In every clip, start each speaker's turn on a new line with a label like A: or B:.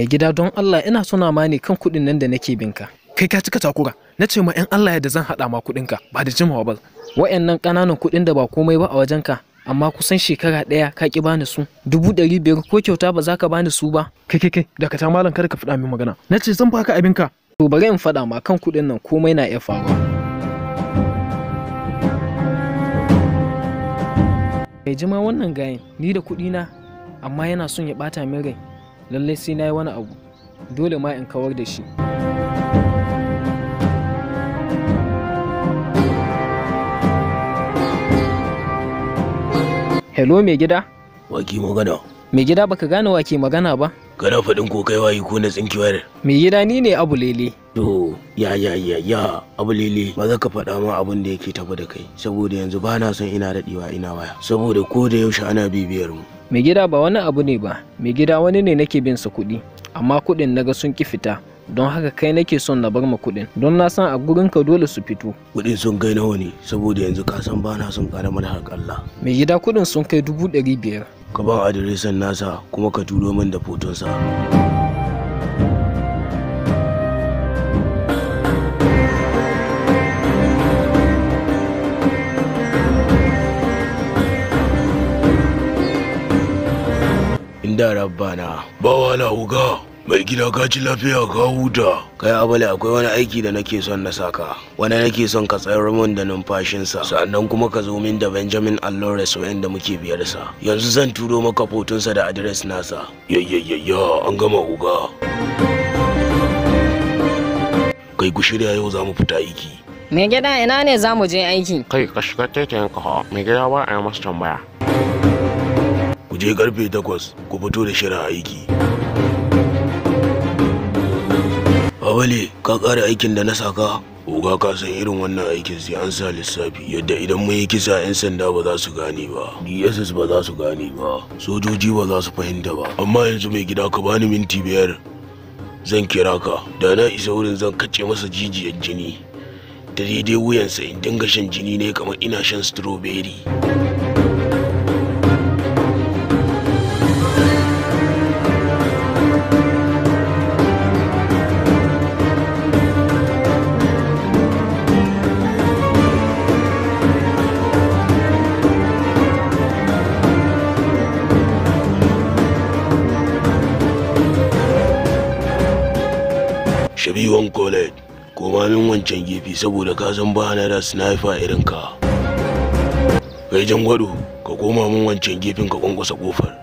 A: mai gida don Allah ina suna ma ne kan kuɗin nan da nake binka kai ka cika takura na ce ma 'yan Allah yadda zan haɗa ma kuɗinka ba da jimawa ba wa'annan ƙananan kuɗin da ba komai ba a wajenka amma kusan shekara ɗaya ka ƙi bani su dubu ɗari biyar ko kyauta ba za ka bani su ba kai kai kai daga ta malam kar ka faɗa min magana na ce zan baka abinka to bari in faɗa ma kan kuɗin nan komai na iya faruwa Mai jima wannan gayin ni da kuɗina amma yana son ya ɓata min rai lallai sai na yi wani abu dole ma in kawar da shi hello mai gida waki magana mai gida baka gane wake magana ba
B: kana faɗin ko kai wayi ko na tsinkiyar
A: mai gida ni ne abu lele
B: to ya ya ya ya abu lele ba za ka faɗa min abin da yake tafi da kai saboda yanzu ba na son ina
A: daɗewa ina waya saboda ko da yaushe ana bibiyar mu mai gida ba wani abu ne ba mai gida wani ne nake bin sa kuɗi amma kuɗin naga sun ki fita don haka kai nake son na bar ma kuɗin don na san a gurin ka dole su fito kuɗin sun kai nawa
B: ne saboda yanzu ka san bana son karamar harƙalla mai gida kuɗin sun kai dubu ɗari biyar ka ba adireshin nasa kuma ka turo min da fotonsa. sa da rabbana ba wala huga mai gida ka ci lafiya ka huta kai abale akwai wani aiki da nake son na saka wani nake son ka tsayar min da numfashinsa sannan kuma ka zo min da benjamin allores da muke biyar sa yanzu zan turo maka fotonsa da adres nasa yayyayya an gama huga kai ku shirya yau za mu fita aiki
C: mai gida ina ne za je aiki
B: kai ka shiga tetayen ka mai gida ba a yi masa tambaya ku je karfe takwas ku fito da shirin aiki awale ka ƙara aikin da na saka oga ka san irin wannan aikin sai an sa lissafi yadda idan mun yi kisa 'yan sanda ba za su gane ba dss ba za su gane ba sojoji ba za su fahimta ba amma yanzu mai gida ka bani minti biyar zan kira ka da na isa wurin zan kace masa jijiyar jini da daidai wuyansa in dinga shan jini ne kamar ina shan strawberry Ka bi shabiwan ko koma min wancan gefe saboda ka san ba na da sniper irin ka kai jan gwado ka koma min wancan gefen ka kwankwasa kofar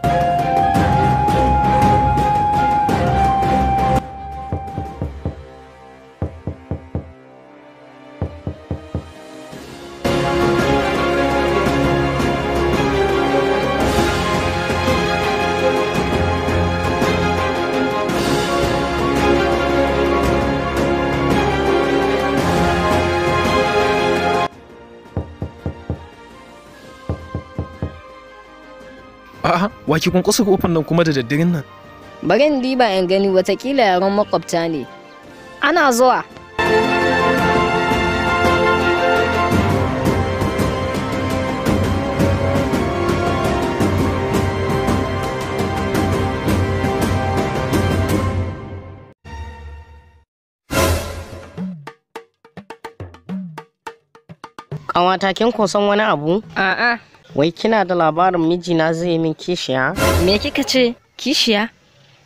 A: A'a, waki kun kusa kofar nan kuma da daddarin nan.
C: Bari in diba in gani watakila yaron makwabta ne. Ana zuwa. Kawata kin kusan wani abu? A'a, Wai kina da labarin mijina zai yi min kishiya? Me kika ce kishiya?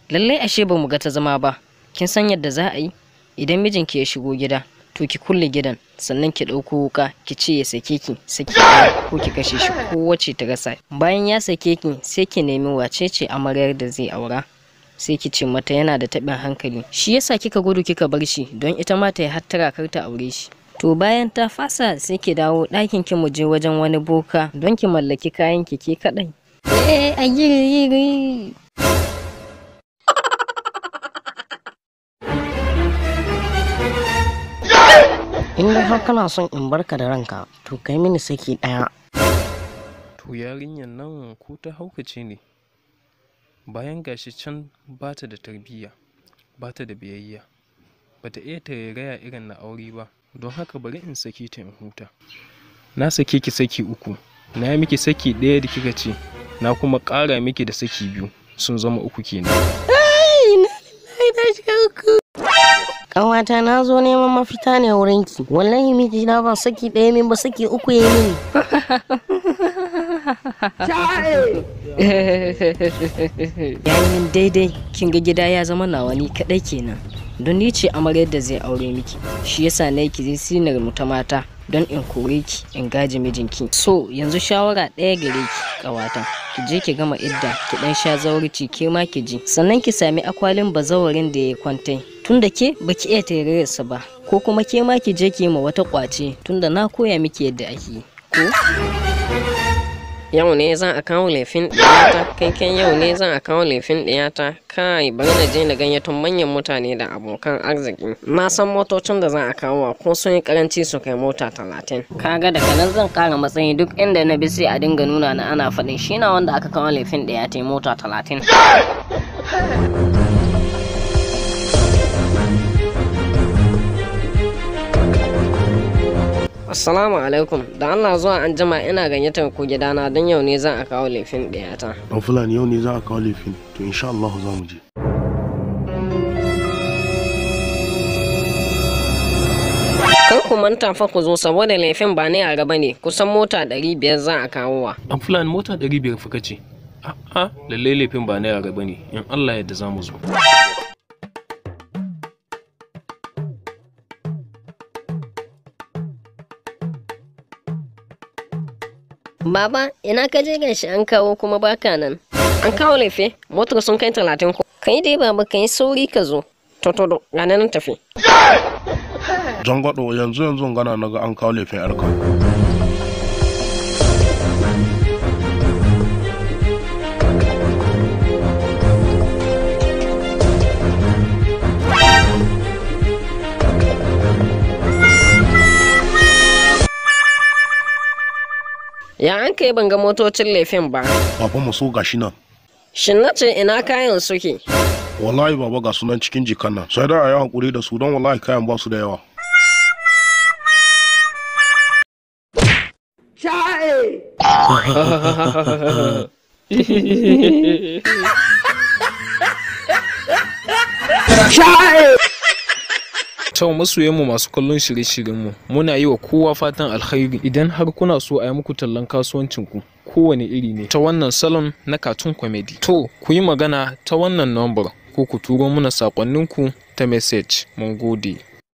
C: Lallai ashe ba mu ga ta zama ba. Kin san yadda za a yi? Idan mijinki ya shigo gida, to ki kulle gidan sannan ki ɗauko wuka ki ce ya sake ki sake ko ki kashe shi ko wace ta gasa bayan ya sake ki sai ki nemi wace ce amaryar da zai aura sai ki ce mata yana da taɓin hankali shi yasa kika gudu kika bar shi don ita ma ta yi hattara kar ta aure shi to bayan ta fasa sai ki dawo ɗakin ki muje wajen wani boka don ki mallaki kayan ki ke kaɗai. Eh a yiri in dai har kana son in barka da ranka to kai mini saki ɗaya.
A: to yarinyar nan ko ta haukace ne bayan gashi can bata da tarbiyya bata da biyayya bata iya tarairaya irin na aure ba don haka bari in saki ta in huta na sake ki saki uku na yi miki saki ɗaya da kika ce na kuma ƙara miki da saki biyu sun zama uku kenan
C: Ƙawata na zo neman mafita ne wurinki. Wallahi miki na ba saki ɗaya min ba saki uku ya mini. Ya min daidai kin ga gida ya zama nawa ni kaɗai kenan. don ni ce amaryar da zai aure miki shi yasa na yi sinar mu ta mata don in kore ki in gaji mijinki so yanzu shawara ɗaya gare ki ƙawata ki je ki gama idda ki dan sha zaurici ke ma ki ji sannan ki sami akwalin bazawarin da ya kwantai tunda ke baki iya tarerarsa ba ko kuma ke ma ki je ki ma wata kwace tunda na koya miki yadda ake ko yau ne zan a kawo laifin ɗiyata kai yau ne zan a kawo laifin ɗiyata kai bari na je na ganyatun manyan mutane da abokan arziki na san motocin da zan a kawo ko sun yi karanci su kai mota talatin kaga daga nan zan kara matsayi duk inda na bi sai a dinga nuna na ana faɗin shi na wanda aka kawo laifin ɗaya ta mota talatin Assalamu alaikum, da Allah zuwa an jima ina ganyatar ku gidana don yau ne zan a kawo laifin ta.
B: Ɗan Fulani yau ne zan a kawo laifin, to insha Allah za mu je.
C: Kar ku manta fa ku zo saboda laifin ba ne a gaba ne, kusan mota ɗari biyar za a kawo wa.
A: Ɗan Fulani mota ɗari biyar fuka ce. A'a, lallai laifin ba ne a gaba ne, in Allah yadda za mu zo.
C: Baba, ina ka je gashi an kawo kuma baka nan. An kawo laife, motar sun kai talatin ko. Kai dai baba kai sauri ka zo. Totodo, gane nan tafi.
B: Zangwado yanzu yanzu gana naga an kawo laifin yarka.
C: ya an kai ban ga motocin laifin ba
B: baba mu so gashi nan
C: shin na ce ina kayan suke
B: wallahi baba ga sunan cikin jikan nan sai da a yi hakuri da su don wallahi kayan ba su da yawa Sha'e!
A: Sha'e! cewa masoyanmu masu kallon shirye-shiryenmu muna yi wa kowa fatan alkhairi idan har kuna so a yi muku tallan kasuwancinku kowane iri ne ta wannan salon na katun comedy to ku yi magana ta wannan number ko ku turo muna sakonninku ta message mun gode